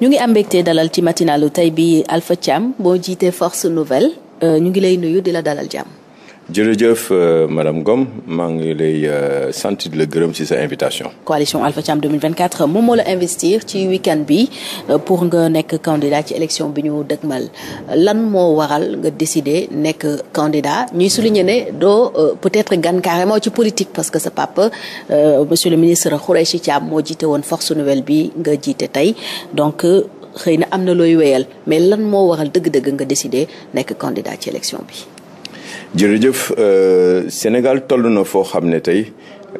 ñu ngi am mbégte dalal ci matinalu tey bi Alpha Thiam boo jiitee Force Nouvelle euh, ñu ngi lay nuyu di la dalal jàmm. jërëjëf euh, madame Ngom maa ngi lay euh, sant la gërëm ci sa invitation. coalition Alpha Thiam 2024 moom moo la investir ci week bi euh, pour nga nekk candidat ci élection bi ñu mal lan moo waral nga décider nekk candidat ñuy souligner ne doo peut-être gan carrément ci politique parce que sa papa monsieur le ministre si Thiam moo jiite woon force nouvelle bi nga jiite tey donc xëy na am na looy wéyal mais lan moo waral dëgg-dëgg nga décider nekk candidat ci élection bi. jërëjëf euh, Sénégal toll na foo xam ne tey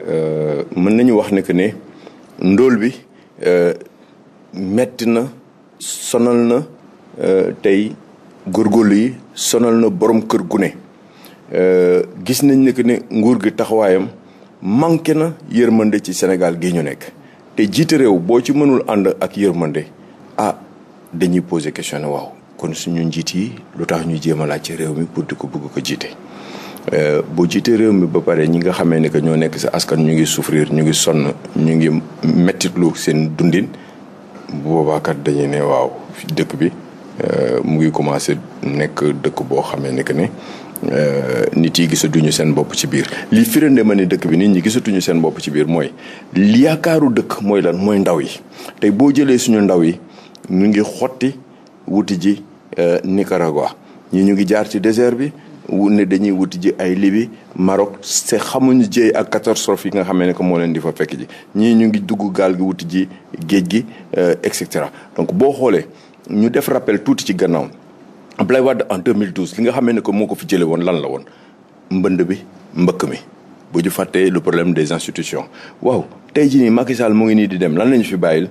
euh, mën nañu wax ne que ne ndóol bi euh, metti na sonal na tey góorgóorlu yi sonal na borom kër gu ne gis nañ ne que ne nguur gi taxawaayam manqué na yërmande ci Sénégal gi ñu nekk te jiite réew boo ci mënul ànd ak yërmande ah dañuy poser question ne waaw kon suñu njiit yi lu tax ñu jéem a laaj ci réew mi pour di ko bugg ko jiite. Euh, boo jiitee réew mi ba pare ñi nga xamee ne que ñoo nekk si askan ñu ngi souffrir ñu ngi sonn ñu ngi mettitlu seen dundin bu boobaa kat ne waaw dëkk bi euh, mu ngi commencé nekk dëkk boo xamee ne que ne. Euh, nit yi gisatuñu seen bopp ci biir li firande ma ne dëkk bi nit ñi gisatuñu seen bopp ci biir mooy yaakaaru dëkk mooy lan mooy ndaw yi tey boo jëlee suñu ndaw yi ñu ngi xotti wuti ji euh, Nicaragua ñi ñu ngi jaar ci désert bi wu ne dañuy wuti ji ay Libye Maroc se xamuñu jéey ak catastrophe yi nga xamee ne que moo leen di fa fekk ji ñii ñu ngi dugg gaal gi wuti ji géej gi euh, et cetera donc boo xoolee ñu def rappel tuuti ci gannaaw Abdoulaye Wade en 2012 li nga xamee ne ko moo ko fi jëlee woon lan la woon mbënd bi mbëkk mi bu ñu fàttee lu problème des institutions waaw tey jii nii Macky Sall mu ngi nii di dem lan lañu fi bàyyil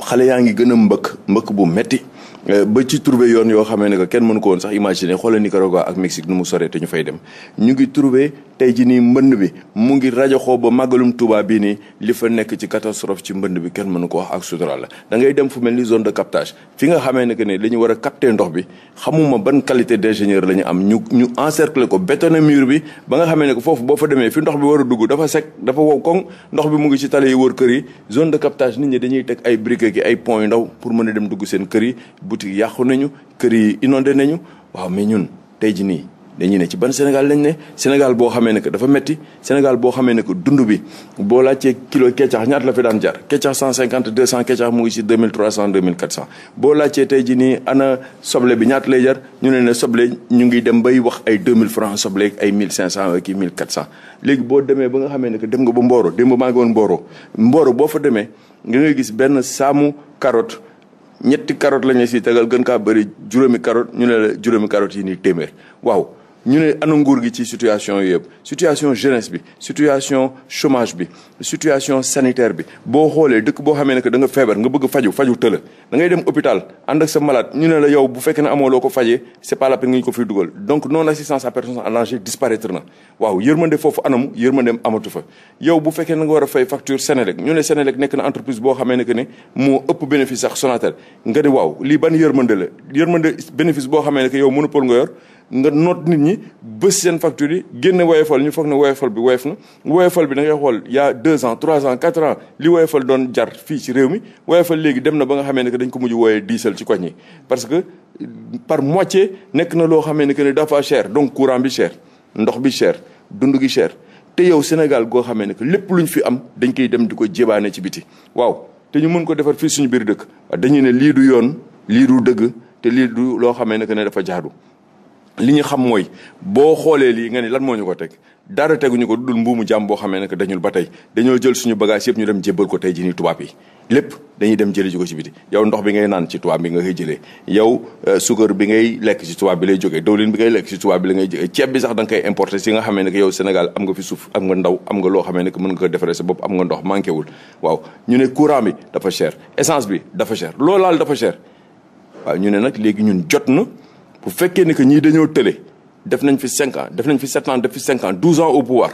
xale yaa ngi gën a mbëkk mbëkk bu metti Euh, ba ci trouver yoon yoo xamee ne kenn mënu ko woon sax imaginer xoolal Nicaragua ak Mexique nu mu soree te ñu fay dem ñu ngi trouver tey ji nii mbënd bi mu ngi rajoxoo ba màggalum Tuuba bii nii li fa nekk ci catastrophe ci mbënd bi kenn mënu ko wax ak sutural la da ngay dem fu mel ni zone de captage fi nga xamee ne que ne dañu war a capter ndox bi xamuma ban qualité d'ingénieur lañu am ñu ñu encercler ko bétonné mur bi ba nga xamee ne foofu boo fa demee fi ndox bi war a dugg dafa sec dafa wow koŋ ndox bi mu ngi ci tali yi kër yi zone de captage nit ñi dañuy teg ay briques ki pont yu ndaw pour mën a dem dugg seen kër yi boutique yàqu nañu kër mais ñun tey ji nii dañuy ne ci ban Sénégal lañ ne Sénégal boo xamee ne que dafa metti Sénégal boo xamee ne que dund bi boo la fi daan jar keccax cent cinquante deux cent keccax mu ngi si deux mille trois cent deux mille tey ji nii ana soble bi ñaata lay jar ñu ne ñu ngi dem bay wax ay deux mille francs soble ay mille cinq cent kii mille quatre cent léegi boo demee ba nga xamee ne que dem nga ba Mboro démb maa ngi woon Mboro Mboro boo fa demee nga ngay gis benn saamu carotte ñetti karoot lañ la si tegal gën kaa bëri juróomi carotte ñu ne juróomi carotte yi nii téeméer waaw ñu ne ana nguur gi ci situation yëpp situation jeunesse bi situation chômage bi situation sanitaire bi boo xoolee dëkk boo xamee ne da nga feebar nga bëgg faju faju tëla da ngay dem hôpital ànd ak sa malade ñu ne la yow bu fekkee ne amoo ko fajee c'est ko fiy dugal donc non assistance à personne en danger disparaître na waaw yërmande foofu anamu yërmandeem amatu fa yow bu fekkee na nga war a fay facture Sénélec ñu ne Sénélec nekk na entreprise boo xamee ne que ne moo ëpp bénéfice sax Sonatel nga ne waaw lii ban yërmande la yërmande bénéfice boo xamee ne que yow monopole nga yor nga noot nit ñi bës seen facture yi génn woyofal ñu foog ne woyofal bi woyof na woyofal bi na ngay xool y a deux ans trois ans quatre ans li woyofal doon jar fii ci réew mi woyofal léegi dem na ba nga xamee ne dañ ko mujj wooyee diisal ci koñ parce que par moitié nekk na loo xamee ne que ne dafa cher donc courant bi cher ndox bi cher dund gi cher te yow Sénégal goo xamee ne lépp lu ñu fi am dañ koy dem di ko jébaane ci biti waaw te ñu mën ko defar fii suñu biir dëkk dañu ne lii du yoon lii du dëgg te lii du loo xamee ne que ne dafa jaadu li ñu xam mooy boo xoolee lii nga ne lan moo ñu ko teg dara ñu ko dul mbuumu jàmm boo xamee ne que dañul ba tey dañoo jël suñu bagage yëpp ñu dem jébbal ko tey ji nii tubaab yi lépp dañuy dem jëli ji ko ci biti yow ndox bi ngay naan ci tubaab bi nga koy jëlee yow euh, suukar bi ngay lekk ci tubaab bi lay jógee dawlin bi ngay lekk ci tubaab bi la ngay jógee ceeb bi sax da nga koy importer si nga xamee ne que yow Sénégal am nga fi suuf am nga ndaw am nga loo xamee ne mën nga ko defaree sa bopp am nga ndox manqué wul waaw ñu ne courant bi dafa cher essence bi dafa cher loolu laal dafa cher waaw ñu ne nag léegi ñun jot na bu fekkee ni que ñii dañoo tële def nañ fi cinq ans def nañ fi sept ans def fi cinq ans douze ans au pouvoir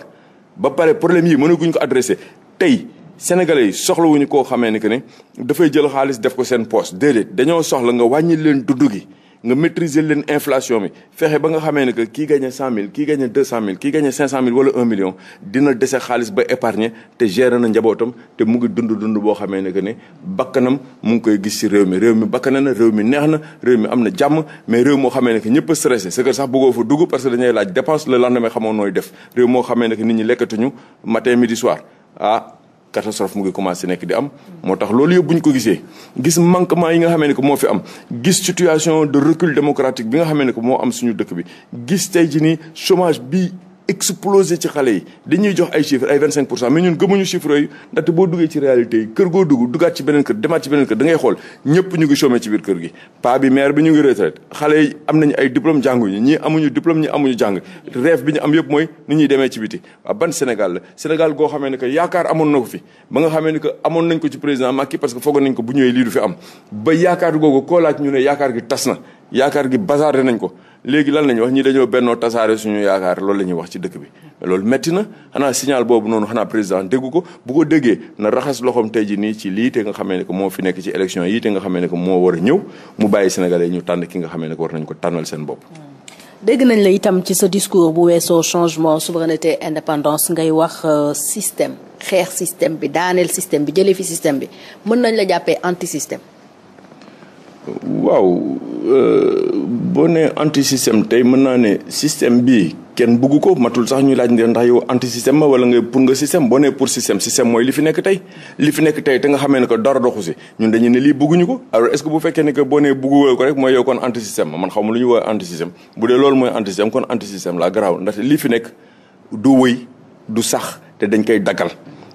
ba pare problème yi mënaguñ ko adressé tey sénégalais yi soxla wuñu koo xamee ni que ne dafay jël xaalis def ko seen poche déedéet dañoo soxla nga wàññi leen dund gi. nga maîtriser leen inflation bi fexe ba nga xamee ne que kii gagné cent mille kii gagné deux cent mille kii gagné cinq cent mille wala un million dina dese xaalis ba épargner te gérer na njabootam te mu ngi dund dund boo xamee ne que ne bakkanam mu ngi koy gis ci réew mi réew mi bakkana na réew mi neex na réew mi am na jàmm mais réew moo xamee ne que ñëpp a stressé sa kër sax bëggoo fa dugg parce que dañuy laaj dépense le lendemain xamoo nooy def réew moo xamee ne que nit ñi lekkatuñu matin midi soir ah catastrophe mu ngi commencé nekk di am. moo tax loolu yëpp bu ñu ko gisee gis manquement yi nga xamee ne que moo fi am gis situation de recul démocratique bi nga xamee ne que moo am suñu dëkk bi gis tey ji ni chomage bi. explosé ci xale yi dañuy jox ay chiffres ay vingt cinq pour cent mais ñun gëmuñu chiffres yooyu ndaxte boo duggee ci réalité yi kër goo dugg duggaat ci beneen kër demaat ci beneen kër da ngay xool ñëpp ñu ngi chômé ci biir kër gi paa bi maire bi ñu ngi retraite xale yi am nañu ay diplôme jànguñu ñii amuñu diplôme ñi amuñu jàng rêve bi ñu am yëpp mooy ni ñuy demee ci biti waaw ban Sénégal la Sénégal goo xamee ne que yaakaar amoon na ko fi ba nga xamee ne que amoon nañ ko ci président Macky parce que foogoon nañ ko bu ñëwee lii du fi am ba ñu ne yaakaar gi tas na yaakaar gi bazardé nañ ko léegi lan la ñuy wax ñi dañoo bennoo tasaare suñu yaakaar loolu la ñuy wax ci dëkk bi mais loolu métti na xanaa signal boobu noonu xanaa président déggu ko bu ko déggee na raxas loxoom tey ji nii ci lii te nga xamee ne moo fi nekk ci élection yi te nga xamee ne moo war a ñëw mu bàyyi sénégalais ñu tànn ki nga xamee ne que war nañ ko tànnal seen bopp dégg nañ la itam ci sa discours bu weesoo changement souveraineté indépendance ngay wax euh, système xeex système bi daaneel système bi jëlee fi bi mën nañ la jàppee anti système waaw Euh, boo nee anti système tey mën naa ne système bi kenn bugg ko matul sax ñu laaj ndax yow anti système ma wala nga pour nga système boo nee pour système système mooy li fi nekk tey. fi nekk tey te nga xamee ne que dara doxu si ñun dañu ne lii bugguñu ko alors est-ce que bu fekkee ne que boo nee bugguwoo ko rek mooy yow kon anti système man xaw ma lu ñu woowee anti système bu dee loolu mooy anti système kon anti système laa garaaw ndaxte li fi nekk du wëy du sax te dañ koy daggal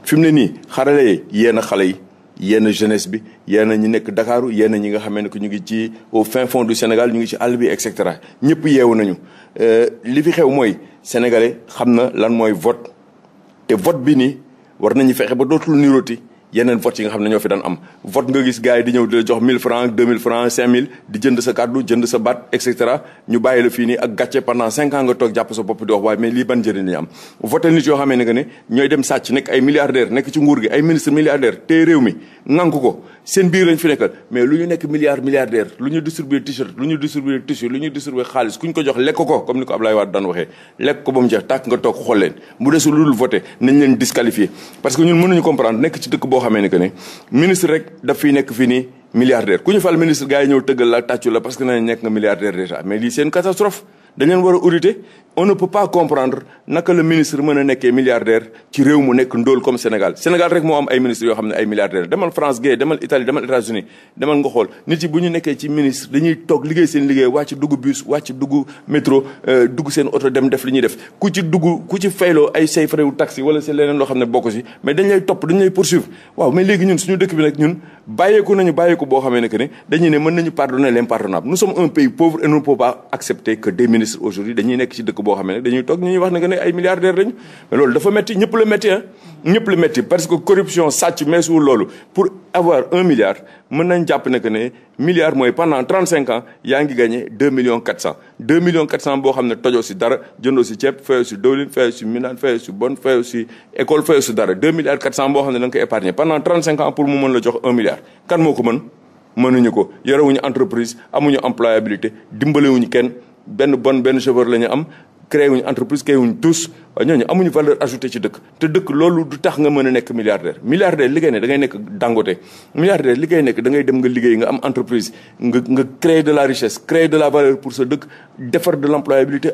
fi mu ne nii xarale yéen xale yi. yenn jeunesse bi yenn ñi nekk Dakaaru yenn ñi nga xamee ne que ñu ngi ci au fin fond du Sénégal ñu ngi ci àll bi et cetera ñëpp yeewu nañu euh, li fi xew mooy sénégalais xam na lan mooy vote te vote bi nii war nañu fexe ba dootul nirooti yeneen vote yi nga xam ne ñoo fi daan am vote nga gis gars di ñëw di la jox 1000 francs 2000 francs 5000 di jënd sa kàddu jënd sa baat et ñu bàyyi la fii ak gàcce pendant 5 ans nga toog jàpp sa bopp di wax waaye mais lii ban njëriñ lañu am vote nit mi nanku ko seen biir lañ fi nekkal mais lu ñu nekk milliard milliardaire lu ñu distribuer t-shirt lu ñu distribuer tissu lu ñu distribuer xaalis ku ñu ko jox lekk ko comme ni ko Ablaye Wade daan waxee lekk ko ba jeex tàkk nga toog xamee ni que ne ministre rek daf fiy nekk fii nii milliardaire ku ñu fal ministre gars yi ñëw tëggal la tàccu la parce que nañ nekk nga milliardaire déjà mais lii seen catastrophe dañ leen war a auditer on ne peut pas comprendre naka la ministre mën a nekkee milliardaire ci réew mu nekk ndóol comme Sénégal Sénégal rek moo am ay ministres yoo xam ne ay milliardaires demal France Guèye demal Italie demal États-Unis demal nga nit yi bu ñu nekkee ci ministre dañuy toog liggéey seen liggéey wàcc dugg bus wàcc dugg métro euh, dugg seen oto dem def li ñuy def ku ci dugg ku ci fayloo ay say frais wu taxi wala seen xam ne bokk si mais dañ topp dañ lay poursuivre waaw mais suñu dëkk bi nag ñun bàyyeeku nañu bàyyeeku boo xamee ne que ne dañuy ne mën nañu pardonner l'impardonnable nous sommes un pays pauvre et nous ne accepter que des ministres aujourd'hui dañuy nekk ci dëkk boo xamee ne dañuy toog ñu ñuy wax ne que ay milliardaires lañu mais dafa metti ñëpp la metti ah ñëpp la métti parce que corruption sàcc meesuwul loolu pour avoir un milliard mën nañ jàpp ne que ne milliard mooy pendant trente cinq ans yaa ngi gagné deux millions quatre cent deux millions quatre cent boo xam ne tojoo si dara jëndoo si ceeb fayoo si dowlin fayoo si minaan fayoo si bon fayoo si école fayoo si dara deux milliards quatre cent boo xam ne da nga koy épargné pendant trente cinq ans pour mu mën la jox un milliard kan moo ko mën mënuñu ko yorewuñu kenn benn bon benn chauffeur la ñu am créé wuñu entreprise créé wuñu tous ñooñu amuñu valeur ajoutée ci dëkk te loolu du tax nga a nekk milliardaire milliardaire li ngay ne da ngay nekk Dangote milliardaire li nga liggéey nga am entreprise nga nga créer de la richesse créer de la valeur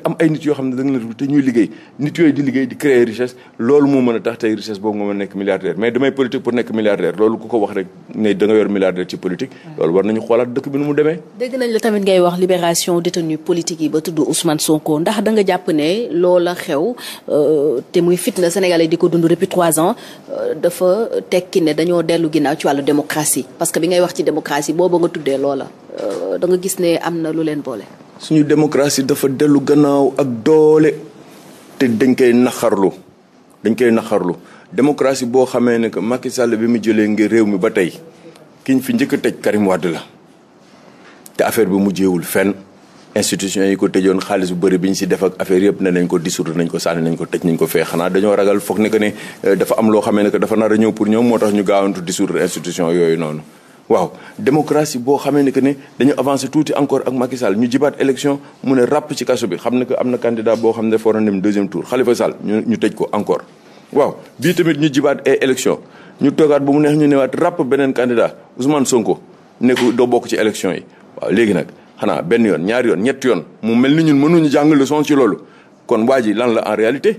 am ay nit yoo xam ne da nga leen te ñuy liggéey nit yooyu di liggéey di créer richesse loolu moo mën a tax tey richesse boobu nga mën a nekk milliardaire mais damay politique pour nekk milliardaire loolu ku ko wax rek ne da nga yor milliardaire ci politique loolu war nañu xoolaat dëkk bi nu mu demee dégg nañ la tamit ngay wax libération détenu politique yi ba tudd Ousmane Sonko ndax da jàpp ne loola xew Euh, te muy fitna sénégalais di ko dund depuis trois ans euh, dafa tekki ne dañoo dellu ginnaaw ci wàllu démocratie parce que bi ngay wax ci démocratie booba nga tuddee loola euh, da nga gis ne am na lu leen boole. suñu démocratie dafa dellu gannaaw ak doole te dañ koy naxarlu dañ koy naxarlu démocratie boo xamee ne que Macky Sall bi mu jëlee ngir réew mi ba tey kiñ fi njëkk a tëj Karim Wade la te affaire bi mujjeewul fenn. institution yi ko tëjoon xaalis bu bëri bi ñu si def ak affaire yëpp ne nañ ko dissoudre nañ ko sànni nañ ko tëj nañ ko fee xanaa dañoo ragal foog ne que ne euh, dafa am loo xamee ne que dafa nar a ñëw pour ñoom moo tax ñu gaawantu dissoudre institution yooyu noonu waaw démocratie boo xamee ne que ne dañu avancé tuuti encore ak Macky Sall ñu jibaat élection mu ne ràpp ci kaso bi xam ne que am na candidat boo xam ne foog na dem deuxième tour Khalifa Sall ñu ñu tëj ko encore. waaw bii ñu jibaat ay ñu toogaat bu mu neex ñu newaat ràpp beneen candidat Ousmane Sonko ne ko doo bokk ci élection yi waaw léegi nag. xanaa benn yoon ñaar yoon ñett yoon mu mel ni ñun mënuñu jàng leçon ci loolu kon waa ji lan la en réalité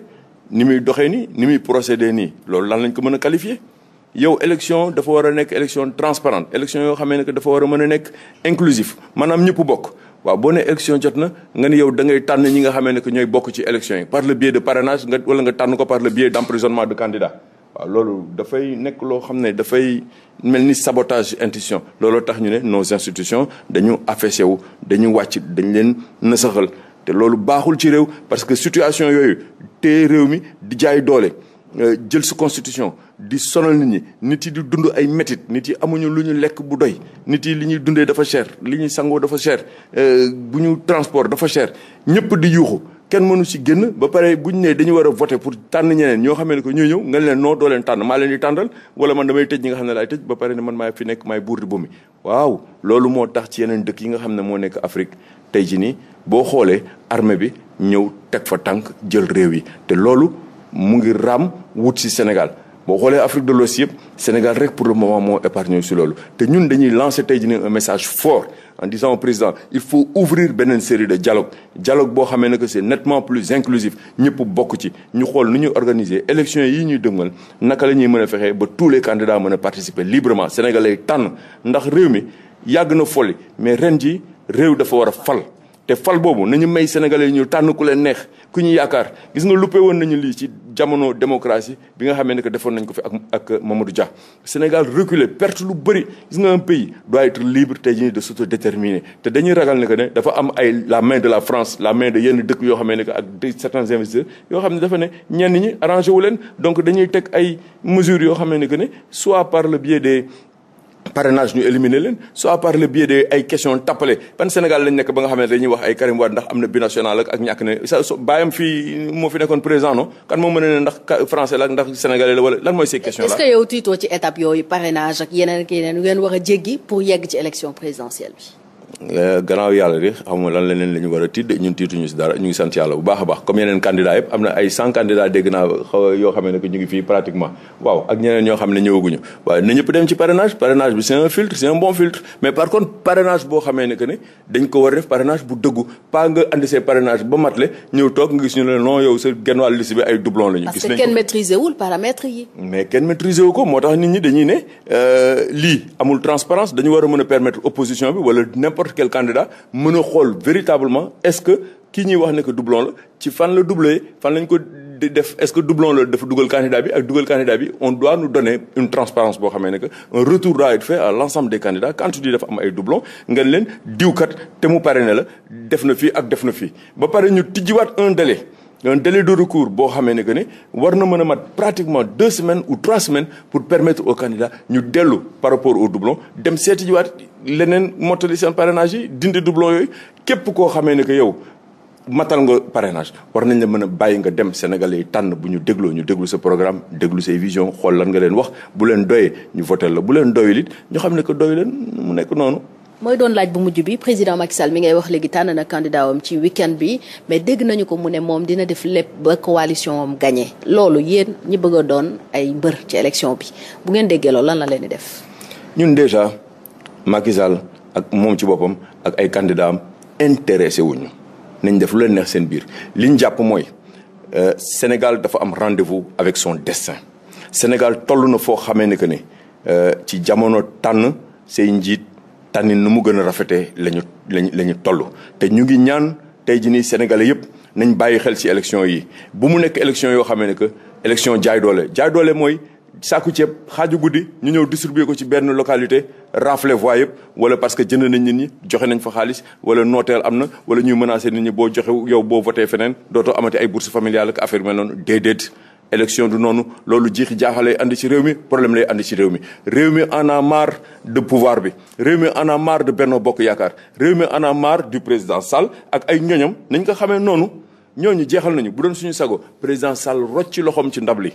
ni muy doxee nii ni muy procédé nii loolu lan lañ ko mën a qualifier yow élection dafa war a nekk élection transparente élection yoo xamee ne que dafa war a mën a nekk inclusif maanaam ñëpp bokk waaw boo ne élection jot na nga ne yow da ngay tànn ñi nga xamee ne ñooy bokk ci élection yi par le biais de parrainage nga wala nga tànn ko par le biais d' waaw loolu dafay nekk loo xam ne dafay mel ni sabotage institution looloo tax ñu ne nos institutions dañu affaissé wu dañu wàcc dañ leen nasaxal te loolu baaxul ci réew parce que situation yooyu te réew mi di jaay doole euh, jël su constitution di sonal nit ñi nit yi di dund ay métit nit yi amuñu lu ñu lekk bu doy nit yi li ñuy dundee dafa cher li ñuy sangoo dafa cher euh, bu ñu transport dafa cher ñëpp di yuuxu kenn mënu si génn ba pare bu ñu nee dañu war a voter pour tànn ñeneen ñoo xamee ne ko ñoo ñëw nga leen noo doo leen tànn maa leen di tàndal wala man damay tëj ñi nga xam ne laay tëj ba pare ne loolu moo tax ci yeneen dëkk yi nga xam ne moo nekk Afrique tey ji nii boo xoolee armée bi ñëw teg fa tànk jël réew yi te loolu mu ngir raam wut si Sénégal boo xoolee Afrique de l'Ouest yëpp Sénégal rek pour le moment moo épargné si loolu te ñun dañuy lancer tey ji nii un message fort en disant au président il faut ouvrir beneen série de dialogue dialogue boo xamee ne que c'est nettement plus inclusif ñëpp bokk ci ñu xool nu ñuy organiser élection yi ñuy dëgmal naka la ñuy mën a fexee ba tous les candidats mën a participer librement sénégalais tànn ndax réew mi yàgg na folli mais ren ji réew dafa war a fal te fal boobu nañu may sénégalais ñu tànn ku leen neex ku ñu yaakaar gis nga luppe woon nañu lii ci jamono démocratie bi nga xamee ne que defoon nañ ko fi ak ak Mamadou jax Sénégal reculé perte lu bëri gis nga un pays doit être libre tey jii de s'autodéterminer te dañuy ragal ne que ne dafa am ay la main de la France la main de yenn dëkk yoo xamee ne que ak certains investisseurs yoo xam ne dafa ne ñi arrangé wu leen donc dañuy teg ay mesures yoo xamee ne que ne soit par le biais des. parrainage ñu éliminer leen soit par le biais de ay question tappale ban Sénégal lañ nekk ba nga xam ne dañuy wax ay Karim Wade ndax am na binational ak ak ñàkk ne fii moo fi nekkoon président non kan moo mën a ne ndax français la ndax sénégalais la wala lan mooy ces questions là. est-ce que yow tiitoo ci étape yooyu parrainage ak yeneen ak yeneen ngeen a jéggi pour yegg ci élection présidentielle bi. Eh, gannaaw yàlla de xamuma lan war a tiit ñun tiituñu si dara ñu sant yàlla bu baax a baax comme yeneen candidat yëpp am na ay cent candidats dégg naa yoo xam ne que ñu ngi fii pratiquement waaw ak ñeneen ñoo xam ne ñëwaguñu waaye na ñëpp dem ci parrainage parrainage bi c'est un filtre c'est un bon filtre mais par contre parrainage boo xamee ne que ne dañ ko war a def parrainage bu dëggu pas nga andi see parrainage ba matle ñëw toog nga gis ñu ne non yow sa genn n'importe candidat mën a xool véritablement est-ce que kii ñuy wax ne que doublon la ci fan la doublé fan lañ ko def est-ce que doublon la dafa dugal candidat bi ak dugal candidat bi on doit nous donner une transparence boo xamee ne que un retour doit être fait a l'ensemble de candidats quand dafa am ay doublon ngeen leen kat te mu pare ne la def na fii ak def na fii ba pare ñu tijjiwaat un délai un délai de recours boo xamee ne que ni war na mën a mat pratiquement deux semaines ou trois semaines pour permettre aux candidats ñu dellu par rapport au doublon dem seeti jiwaat leneen mottali seen parrainage yi dindi doublon yooyu képp koo xamee ne que yow matal nga parenage war nañ la mën a bàyyi nga dem Sénégalais yi tànn bu ñu dégloo ñu déglu sa programme déglu say vision xool lan nga leen wax bu leen doyee ñu voté la bu leen doyul it ñu xam ne que doyu leen mu nekk noonu mooy doon laaj bu mujj bi président Macky Sall mi ngay wax léegi tànn na candidat wam ci week bi mais dégg nañu ko mu ne moom dina def lépp ba coalition am gagné loolu yéen ñi bëgg a doon ay mbër ci élection bi bu ngeen déggee loolu lan la leen di def. ñun déjà Macky ak moom ci boppam ak ay candidats am intéressé wuñu nañ def lu leen neex seen biir li ñu jàpp mooy euh, Sénégal dafa am rendez-vous avec son destin Sénégal toll na foo xamee ne que ne euh, ci jamono tànn say njiit. tànnin nu mu gën a rafetee la ñu la ñu toll te ñu ngi ñaan tey ji ni sénégalais yëpp nañ bàyyi xel ci élection yi bu mu nekk élection yoo xamee ne que élection jaay doole jaay doole mooy saaku ceeb xaaju guddi ñu ñëw distribuer ko ci benn localité rafle voie yëpp wala parce que jënd nañ nit ñi joxe nañ fa xaalis wala nooteel am na wala ñuy menacer nit ñi boo joxe yow boo voté feneen dooto amati ay bourse familiale ak affaire mel noonu déedéet élection du noonu loolu jiixi jaaxa lay andi ci réew mi problème lay andi ci réew mi réew mi en a marre de pouvoir bi réew mi en a marre de Benno Bokk Yaakaar réew mi en a du président Sall ak ay ñoñam nañ ko xamee noonu ñooñu jeexal nañu bu doon suñu sago président Sall rocci loxoom ci ndab li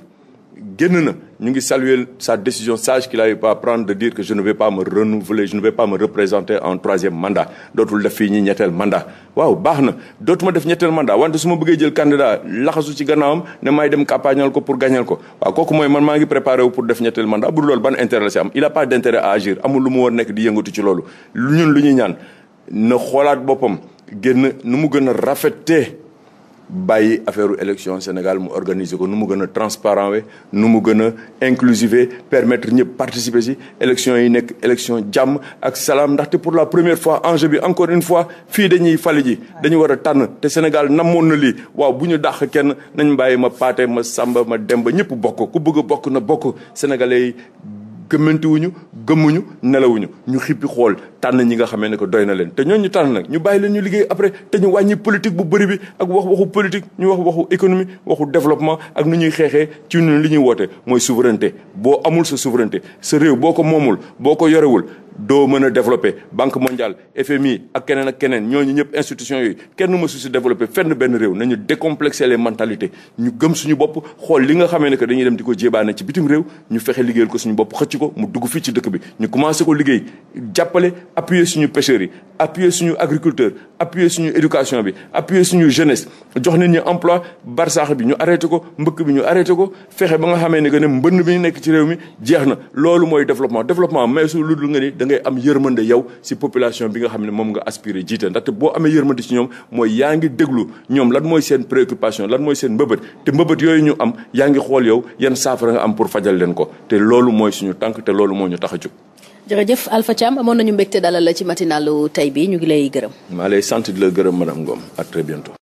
génn na ñu ngi saluer sa décision sage qu'il avait pas à prendre de dire que je ne vais pas me renouveler je ne vais pas me représenter en troisième mandat dootul def fii ñi ñetteel mandat waaw baax na dootuma def ñetteel mandat wante su ma bëggee jël candidat laxasu ci gannaawam ne maay dem campagnal ko pour gagnal ko waaw kooku mooy man maa ngi préparé wu pour def ñetteel mandat bu dul loolu ban intérêt la si am il a pas d'intérêt agir amul lu mu war nekk di yëngatu ci loolu ñun lu ñuy ñaan na xoolaat boppam génn nu mu gën a rafetee bàyyi affaire élection Sénégal mu organiser ko nu mu gën a transparent we nu mu gën a inclusive permettre ñëpp participer si élection yi nekk élection jàmm ak salaam ndaxte pour la première fois enjeu bi encore une fois fii dañuy fali ji dañu war a tànn te Sénégal namoon na lii waaw bu ñu dàq kenn nañ bàyyi ma paate ma sàmba ma demba ñëpp bokk ku bëgg a bokk na bokk sénégalais yi gëmmantiwuñu gëmuñu nelawuñu ñu xippi xool tànn ñi nga xamee ne ko doy na leen te ñooñu tànn nag ñu bàyyi leen ñu liggéey après te ñu wàññi politique bu bëri bi ak wax waxu politique ñu wax waxu économie waxu développement ak nu ñuy xeexee ci ñu li ñuy woote mooy souveraineté boo amul sa souveraineté sa réew boo ko moomul boo ko yorewul doo mën a développé banque mondiale FMI a keneen ak keneen ñooñu ñëpp institution yooyu kenn mësu si développé fenn benn réew nañu décomplexé les mentalités ñu gëm suñu bopp xool li nga xamee ne que dañuy dem di ko jébaane ci bitim réew ñu fexe liggéeyal ko suñu bopp xëcc ko mu dugg fii ci dëkk bi ñu commencé ko liggéey jàppale appuyer suñu pêcheurs yi appuyer agriculteur appuyer suñu éducation bi appuyer suñu jeunesse jox nit ñi emploi barsaax bi ñu arrêté ko mbëkk bi ñu arrêté ko fexe ba nga xamee ne ñu nekk ci réew jeex na loolu mooy développement développement mais su lu dul nga ni ngay am yërmande yow si population bi nga xam ne moom nga aspiré jiite ndaxte boo amee yërmande si ñoom mooy yaa ngi déglu ñoom lan mooy seen préoccupation lan mooy seen mbëbët te mbëbët yooyu ñu am yaa ngi xool yow yan saafara nga am pour fajal leen ko te loolu mooy suñu tànk te loolu moo ñu tax a jóg. jërëjëf Alpha Thiam amoon nañu mbégte dalal la ci matinalu tey bi ñu ngi lay gërëm. maa lay sant la gërëm madame Ngom à très